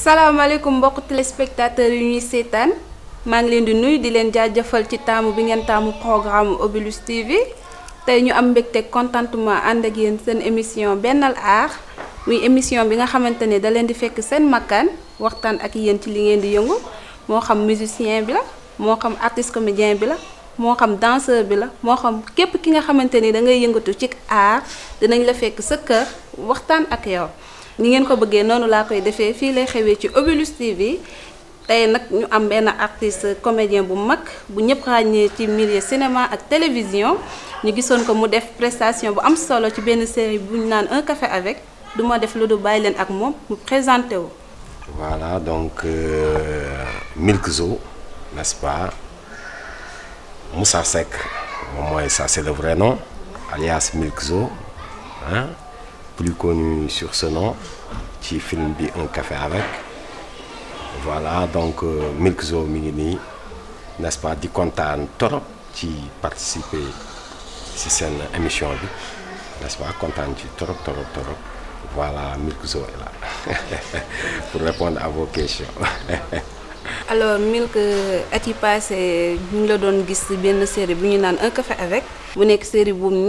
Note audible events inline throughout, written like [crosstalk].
salaamaaleykum mbokk téléspectateurs yu ñuy seetaan maa ngi leen di nuyu di leen jaajëfal ci taamu bi ngeen taamu programme Obelus TV tey ñu am mbégte contentement ànd ak yéen seen émission bénal Art muy émission bi nga xamante ne da leen di fekk seen makkaan waxtaan ak yéen ci li ngeen di yëngu moo xam musicien bi la moo xam artiste comédien bi la moo xam danseur bi la moo xam képp ki nga xamante ni da ngay yëngatu ci art dinañ la fekk sa kër waxtaan ak yow ni ngeen ko bëggee noonu laa koy defee fii lay xewee ci obulus TV tey nag ñu am benn artiste comédien bu mag bu ñëpp ràññee ci milieu cinéma ak télévision ñu gisoon ko mu def prestation bu am solo ci benn série bu ñu naan un café avec du ma def lu du bàyyi leen ak moom mu présenté wu. voilà donc euh, Milkzo n'est-ce pas Moussa Seck moom mooy ça c'est le vrai nom alias Milkzo hein plus connu sur ce nom qui filme un café avec voilà donc euh, Milk minini, n'est-ce pas dit content torop qui participer à émission n'est-ce pas content de torop torop voilà Milk est là [laughs] pour répondre à vos questions [laughs] alors Milk euh, at c'est passé ñu série un café avec bu série bu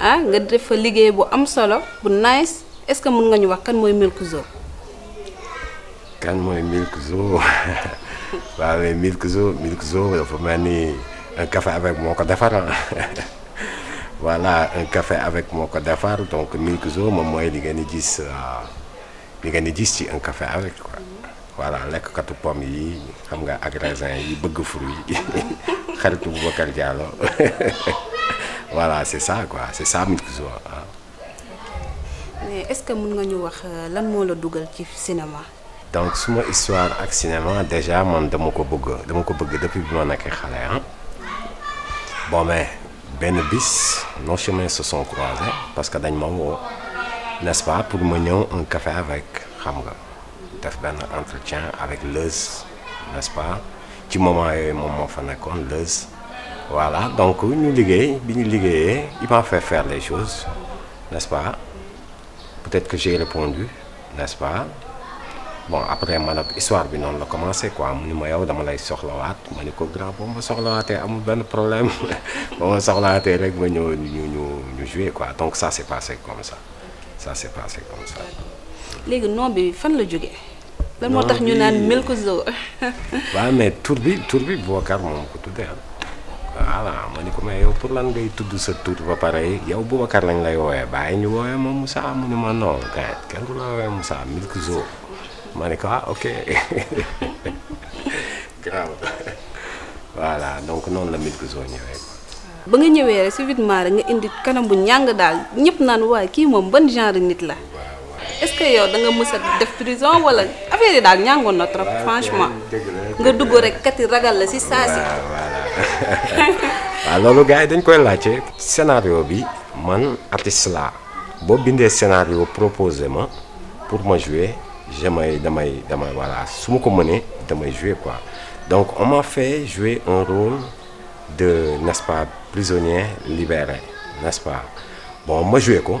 ah, nga def est-ce que mën nga ñu wax kan Milk Zo kan moy Milk Zo [laughs] Milk Zo Milk un café avec mon ko ah. [laughs] voilà un café avec mon ko donc Milk Zo moy li ah, un café avec quoi voilà lekkatu pomme yi xam nga ak raisin yi bëgg fruit yi [laughs] xaritu Boubacar Diallo [laughs] voilà c'est ça quoi c'est ça Milkzo waaw. Hein. mais est-ce que mën nga ñu wax euh, lan moo la dugal ci cinéma. donc suma histoire ak cinéma déjà man dama ko bëgg dama ko bëgg depuis bi ma nekkee xale ah bon mais benn bis nos chemins se sont croisés parce que dañ ma woo n'est-ce pas pour ma ñëw un café avec xam nga fait un entretien avec Leuz n'est-ce pas ci moment yooyu moom moo fa nekkoon Leuz voilà donc nous liggéey bi ñu il m'a fait faire les choses n'est-ce pas peut-être que j'ai répondu n'est-ce pas bon après ma ak histoire bi noonu la commencé quoi mu ni ma yow dama lay soxlawaat ma ni ko grand boo ma soxlawaatee amul benn problème [laughs] boo ma soxlawaatee rek ma ñëw ñu ñu ñu jouer quoi donc ça s'est passé comme ça ça s'est passé comme ça. léegi nom bi fan la jógee. lan moo tax ñu naan Milkzo. [laughs] waaw mais tur bi tur bi Bokar moom ko tuddee ah ma ni ko mais yow pour lan ngay tudd sa tur ba pare yow Boubacar lañ lay wooyee bàyyi ñu wooyee ma Moussa mu ne ma non gars kenn du la wooyee Moussa Milkzo ma ne ko ah ok [laughs] grave voilà donc noonu la Milkzo ñëwee. ba nga ñëwee rek subitement rek nga indi kanam bu ñàng daal ñëpp naan waaye kii moom ban genre nit la. est-ce que yow da nga mësa def prison wala affaire yi daal ñàngoon na trop franchement nga dugg rek kati ragal la si saa si. [laughs] waaw loolu gars yi dañ koy laajte scénario bi man artiste la boo bindee scénario proposé ma pour ma jouer jamay damay damay voilà su ma ko mënee damay jouer quoi donc on m'a fait jouer un rôle de n'est-ce pas prisonnier libéré n'est-ce pas bon ma joué ko.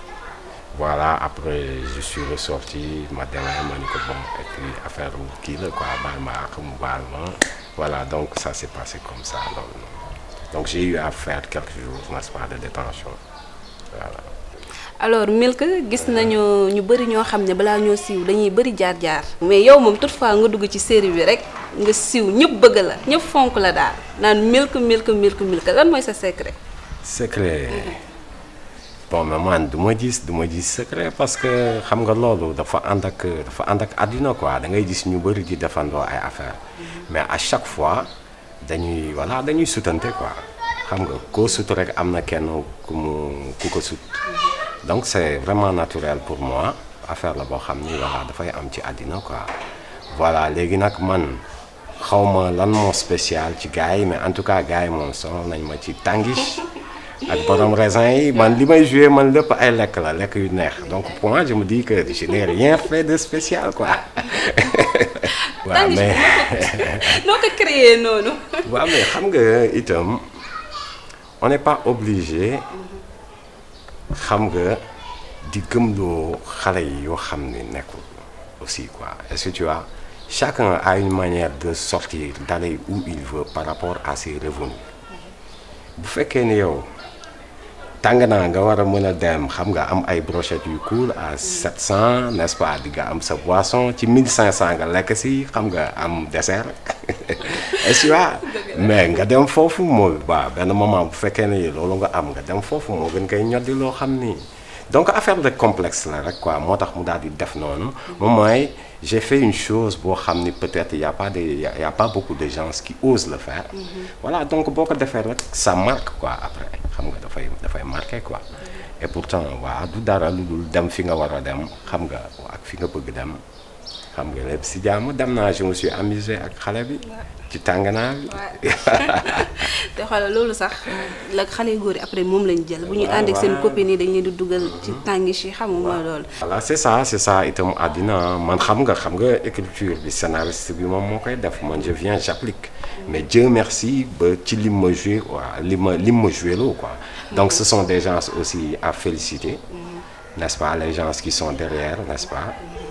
voilà après je suis ressorti ma dernière affaire quoi bah, voilà donc ça s'est passé comme ça donc j'ai eu à faire quelques jours de détention voilà. alors Milk nous nañu ñu mais série Milk Milk Milk Milk secret. secret bon maman du ma du secret parce que xam nga lolu dafa andak dafa andak quoi da mais à chaque fois dañuy voilà dañuy quoi xam nga ko donc c'est vraiment naturel pour moi affaire la bo xamni voilà fay am ci suis quoi voilà man spécial ci mais en tout cas je suis ak borom raisin yi man li may joué man lépp ay lekk la lekk yu neex donc pour moi je me dis que je n'ai rien fait de spécial quoi. waaw [laughs] mais [laughs] noo ko créé noonu. [laughs] waaw mais xam nga itam on n'est pas obligé xam nga di gëmloo xale yi yoo xam ne aussi quoi est-ce que tu vois chacun a une manière de sortir d'aller où il veut par rapport à ses revenus mhm. bu fekkee ne yow. tàng naa nga war a mën a dem xam nga am ay brochettes yu cool à 700 n'est-ce pas di nga am sa boisson ci 1500 nga lekk si xam nga am dessert [laughs] est mais nga dem foofu moo ba benn moment bu fekkee ne loolu nga am nga dem foofu moo gën koy ñoddi loo xam ni. donc affaire de complexe là, quoi j'ai fait une chose pour peut-être y a pas a pas beaucoup de gens qui osent le faire mm-hmm. voilà donc beaucoup de ça marque quoi après quoi et pourtant voilà xam nga lépp si jàmm dem naa je me suis amusé ak xale bi. ci tànganaa bi. [laughs] te xoolal loolu sax la xale yu góor après moom lañ jël. bu ñu ànd ak seen copine yi dañ leen di dugal. ci tàngi si xamuma loolu. voilà c' est ça c' est ça itam àddina man xam nga xam nga écriture bi scénariste bi moom moo koy def man je viens j' applique. mais Dieu merci ba ci lim ma joué waaw li ma lim ma joué loo quoi. donc ce sont des gens aussi à féliciter. Mm-hmm. n' est ce pas les gens qui sont derrière n' est ce pas. Mm-hmm.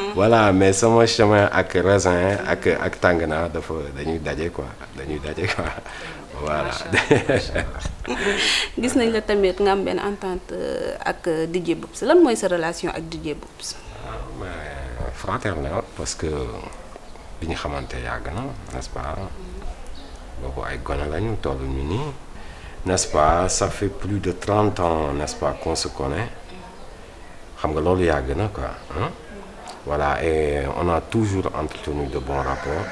voilà mais sama chemin ak raisin ak ak de dañuy dajé quoi dañuy dajé quoi voilà. gis nañ la tamit nga am ben entente euh, ak euh, DJ Boubs lan moy sa relation ak DJ Boubs. waaw ah, fraternel parce que biñu xamanté xamante na n'est-ce pas boobu ay gone lañu toll ñu nii. n'est-ce pas ça fait plus de trente ans n'est-ce pas qu'on se connaît xam nga loolu yàgg na quoi. Hein? voilà et on a toujours entretenu de bons rapports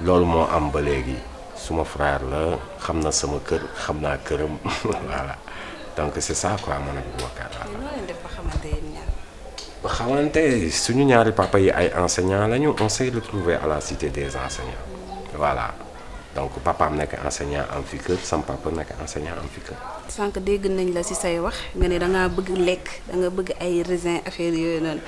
loolu mo am ba légui suma frère la xamna sama kër xamna këram [laughs] voilà donc c'est ça quoi man ak voilà ba xamanté suñu ñaari papa yi ay enseignants lañu on s'est retrouvé à la cité des enseignants voilà donc papa am nek enseignant am fi kër sam papa nek enseignant am fi kër. sànq dégg nañ la ci say wax nga ne da nga bëgg lek da nga bëgg ay raisin affaire yoy non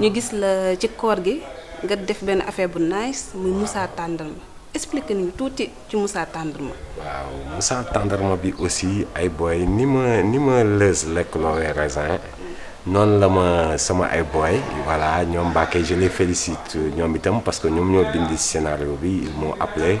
ñu gis la ci koor gi nga def ben affaire bu nice muy Moussa Tàndarma explique ni tuuti ci Moussa Tàndarma. waaw Moussa Tàndarma bi aussi ay boy ni ma ni ma lës lekk loowee raisin non la ma sama ay boy voilà ñom Mbacke je les félicite ñom itam parce que ñom ñoo bind scénario bi ils m'ont appelé.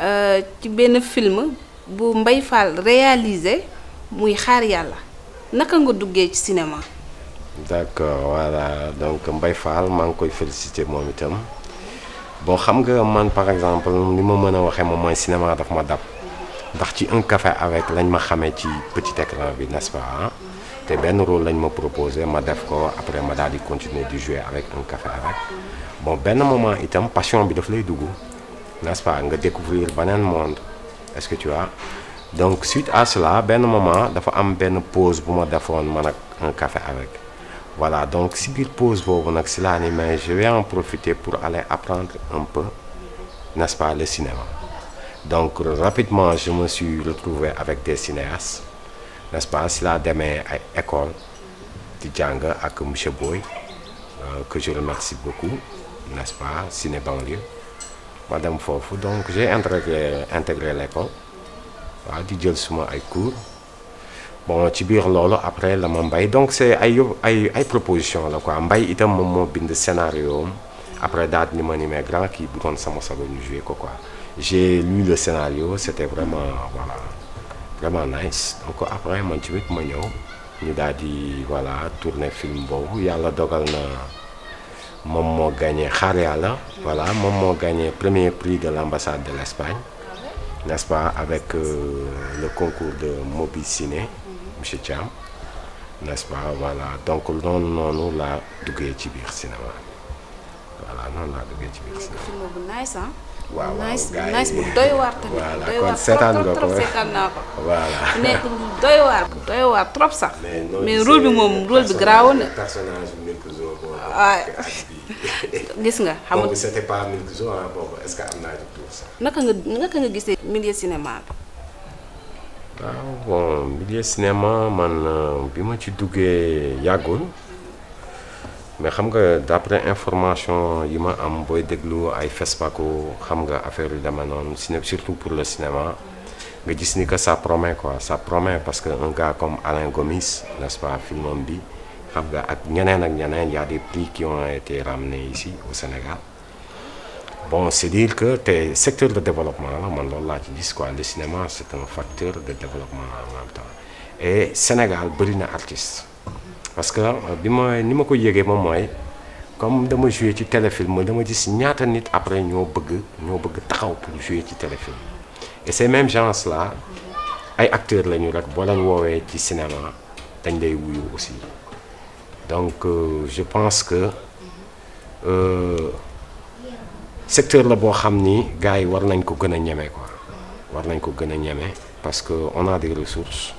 Euh, ci un film bu Mbaye Fall réalisé muy xaar yàlla naka nga ci cinéma. d'accord voilà donc Mbaye Fall maa koy féliciter moom itam bon xam nga par exemple li cinéma daf ma dab ndax un café avec lañ ma petit écran n'est-ce pas ah? te rôle proposé ma def ko après ma continuer jouer avec un café avec bon un moment itam passion bi daf lay n'est-ce pas découvrir le monde est-ce que tu as donc suite à cela un moment dafa am une pause pour moi faire un café avec voilà donc si vous pause pour mon je vais en profiter pour aller apprendre un peu n'est-ce pas le cinéma donc rapidement je me suis retrouvé avec des cinéastes n'est-ce pas si là, demain, à école di Boy euh, que je remercie beaucoup n'est-ce pas ciné banlieue Madame Fofu donc j'ai intégré intégré l'école wa di jël suma ay cours bon ci biir lolo après la ma donc c'est ay ay ay proposition la quoi mbay itam mom mo bind scénario après daal ni ma ni mais grand qui bu ça sama sago ñu joué quoi j'ai lu le scénario c'était vraiment voilà vraiment nice donc après mon ci wit ma ñëw ni dadi voilà tourner film y yalla dogal na Maman a gagné voilà premier prix de l'ambassade de l'Espagne n'est-ce pas avec euh, le concours de Mobi Ciné monsieur Tcham. n'est-ce pas voilà donc nous, nous cinéma voilà noonu laa duggee ci biir cinéma. film bu nice ah. nga bi ah, [laughs] gis nga xam nga boobu c'était pas Milkzo ah boobu est-ce naka nga naka nga gisee milieu cinéma bi. waaw ah, bon milieu cinéma man euh, bi ma ci duggee yàggul. mais xam nga d'après information yi ma am des déglu ay FESPACO xam nga affaire ciné surtout pour le cinéma nga gis que ça promet quoi ça promet parce que un gars comme Alain Gomis n'est-ce pas filmam xam ak ñeneen ak y a des prix qui ont été ramenés ici au Sénégal bon c'est dire que le secteur de développement là man lolu la quoi le cinéma c'est un facteur de développement en même temps et Sénégal brille na artiste parce que euh, bi ma ni ma ko yëgee moom comme dama joué ci téléfilm dama gis ñaata nit après ño bëgg ño bëgg taxaw pour jouer ci téléfilm et ces mêmes gens là ay acteurs lañu rek bo leen wowe ci cinéma dañ lay wuyu aussi donc euh, je pense que euh, secteur la bo xamni gaay war nañ ko gëna ñëmé quoi war nañ ko gëna ñëmé parce que on a des ressources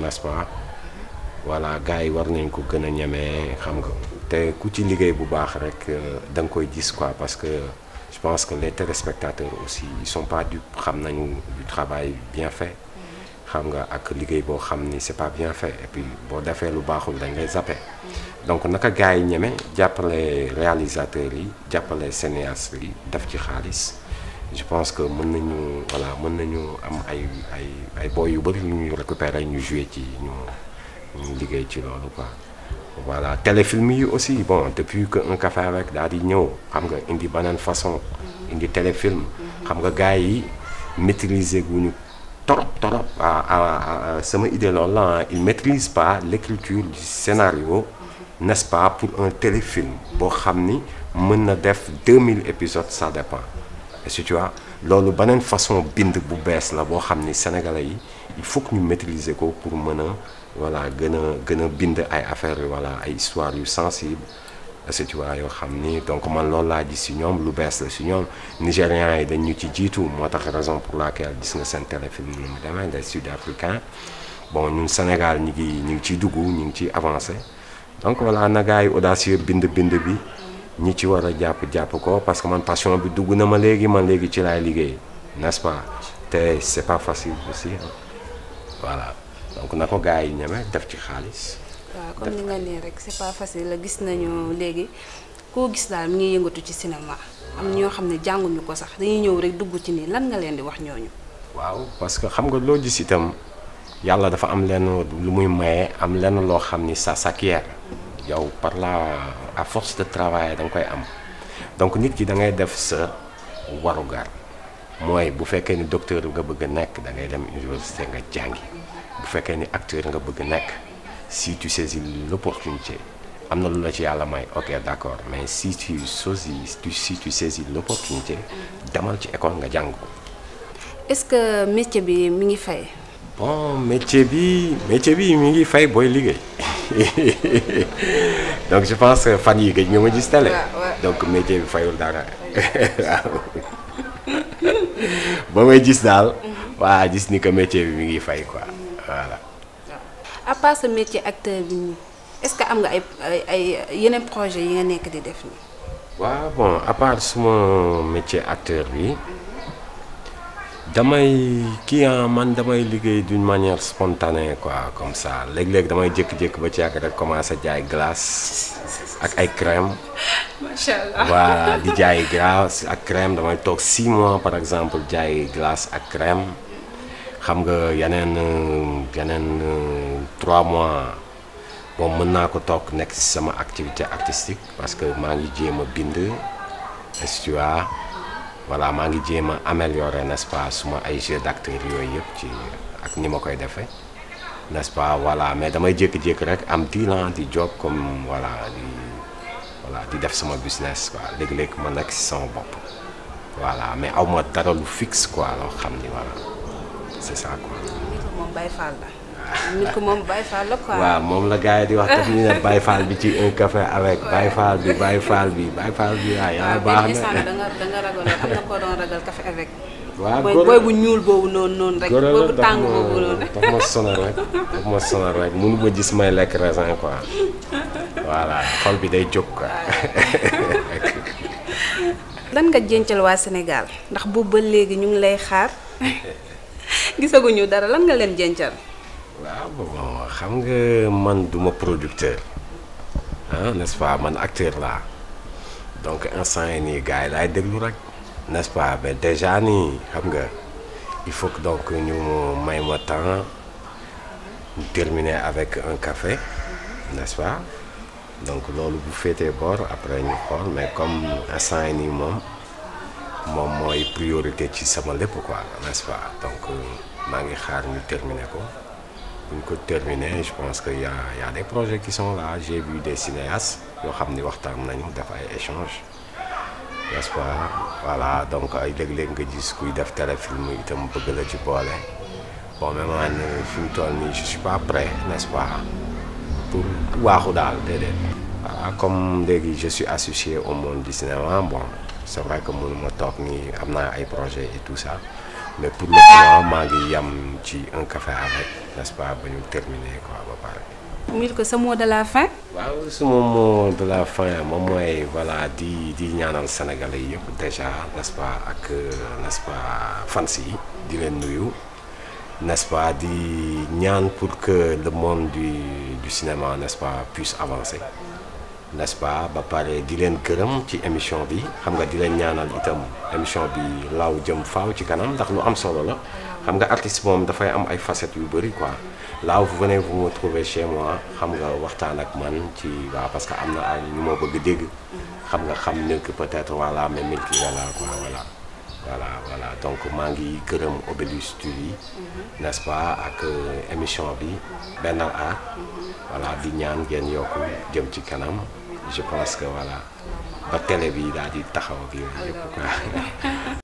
n'est-ce pas voilà gars war nañ ko gëna ñëmé xam nga te ku ci liggéey bu baax rek euh, dang koy gis quoi parce que je pense que les téléspectateurs aussi ils sont pas du xam nañu du travail bien fait mm-hmm. xam nga ak liggéey bo xam ni c'est pas bien fait et puis bo defee lu baaxul dañ lay zappé mm-hmm. donc naka gars yi ñeme jàppale réalisateurs yi jappalé scénaristes yi daf ci xaalis je pense que mën nañu voilà mën nañu am ay ay ay boy yu bari ñu récupérer ñu jouer ci ñu ñu ci quoi voilà téléfilm aussi bon depuis que on café avec daal di ñëw xam nga indi banane façon indi téléfilm xam nga gars trop maîtriser guñu torop torop ah, ah, ah, sama idée loolu la il maîtrise pas l'écriture du scénario n'est-ce pas pour un téléfilm bon, xam ni mën na def 2000 épisodes ça dépend est-ce que tu vois loolu banane façon bind bu bees la boo xam sénégalais il faut que nous maîtriser ko pour maintenant voilà gën a gën a bind ay affaire voilà ay histoire yu sensible c'est yoo yo xamni donc man lool la di si ñom lu bees la si ñom nigérians yi dañ ñu ci jitu moo raison pour laquelle gis nga sen téléfilm ni mu demee sud africains bon ñun Sénégal ñi ngi ñi ci duggu ñi ci avancer avancé donc voilà na gaay audacieux bind bind bi ñi ci wara japp japp ko parce que man passion bi duggu na ma légui man légui ci lay liggéey n'est-ce pas te c'est pas facile aussi hein. voilà. donc na ko gars yi ñeme def ci xaalis waaw comme ni nga rek c'est pas facile la gis nañu léegi koo gis la mi ngi yëngatu ci cinéma am ñoo xam ne jànguñu ko sax dañuy ñëw rek dugg ci nii lan nga leen di wax ñooñu waaw parce que xam nga loo gis itam yàlla dafa am lenn lu muy maye am lenn lo xamni sa ça s'acquiert yow par la à force de travail da koy am donc nit ki da ngay def sa warugar moy bu fekke ni docteur nga bëgg nek da ngay dem université nga jangi bu fekkee ni acteur nga bëgg nekk si tu saisis l'opportunité am na lu la ci yàlla may ok d'accord mais si tu saisis si tu saisis l'opportunité demal ci école nga jàng est-ce que métier bi mi ngi fay. bon métier bi métier bi mi ngi fay booy liggéey [laughs] donc je pense que fan yi gëj nga ma gis télé. donc métier bi fayul dara waaw [laughs] ba may gis daal. Mhm. waa gis ni que métier bi mi ngi fay quoi à part ce métier acteur est-ce que y a un projet qui est bon à part ce métier acteur oui. damay en ah, man damay d'une manière spontanée quoi comme ça glace ak crème. voilà glace crème damay 6 mois par exemple jaay glace ak crème. xam nga yeneen yeneen trois mois bon mën naa ko toog nekk si sama activité artistique parce que maa ngi jéem a bind estua voilà maa ngi jéem a améliorer n'est-ce pas suma ay jeu d'acteur yooyu yëpp ci ak ni ma koy defee n'est-ce pas voilà mais damay jékki-jékki rek am dilan di job comme voilà di voilà di def sama business quoi léeg-léeg ma nekk si sama bopp voilà mais aw ma dara lu fixe quoi loo xam ni voilà c'est ça quoi. nit ku moom Baye Fall la. nit ku moom Baye Fall la quoi. waaw moom la gars yi di wax daf ne Baye Fall bi ci un café avec Baye Fall bi Baye Fall bi Baye Fall bi waaw yàlla ah, baax na. da nga da am na koo doon ragal café avec. booy bu ñuul boobu noonu noonu rek. góor bu tàng boobu noonu. daf rek daf ma sonal may lekk raisin quoi voilà xol bi day jóg [laughs] lan nga jëncal waa Sénégal ndax boobu léegi ñu ngi lay xaar. [laughs] gisaguñu dara lan nga leen jëncal. waaw bon xam nga man duma producteur hein, n'est-ce pas man acteur là. donc instant yi nii gars yi déglu rek n'est-ce pas mais déjà ni, xam nga il faut que donc ñu may ma temps terminer avec un café n'est-ce pas donc loolu bu féetee bor après ñu xool mais comme instant yi moom moi mooy priorité ci sama lepp quoi n'est-ce pas donc euh, maa ngi xaar ñu terminer ko buñ ko terminer je pense que y a y a des projets qui sont là j'ai vu des cinéastes yo xamni ni waxtaan nañu def ay échanges n'est-ce pas voilà donc ay léeg-léeg nga gis kuy def téléfilm itam bëgg la ci boole bon même man euh, fi ne toll je suis pas prêt n'est-ce pas pour waaxu daal déedéet. voilà comme je suis associé au monde du cinéma bon. c'est vrai que mënuma toog nii am na ay projet et tout ça mais pour le moment maa yam ci un café avec nest ba ñu terminer quoi ba pare. mil ko sa mot de la fin. waaw suma mot de la fin moom mooy valla di di ñaanal sénégalais yëpp déjà nest ak n'est-ce di leen nuyu. nest di ñaan pour que le monde du du cinéma n'est-ce avancer. nest pas ba pare di leen gërëm ci émission bi xam nga di leen ñaanal itam émission bi laaw jëm faw ci kanam ndax lu am solo la xam nga artiste moom dafay am ay facettes yu bëri quoi là vous venez vous me trouver chez moi xam nga waxtaan ak man ci waaw parce que am na ay ñu ma bëgg dégg xam nga xam ne que peut-être voilà même mil ki voilà quoi voilà voilà donc maa ngi gërëm Obelus TV yi mhm. nest pas ak euh, émission bi benn Arts mhm. voilà di ñaan ngeen yokk jëm ci kanam je pense que voilà ba télé bi daal di taxaw ak yooyu yëpp quoi. [laughs]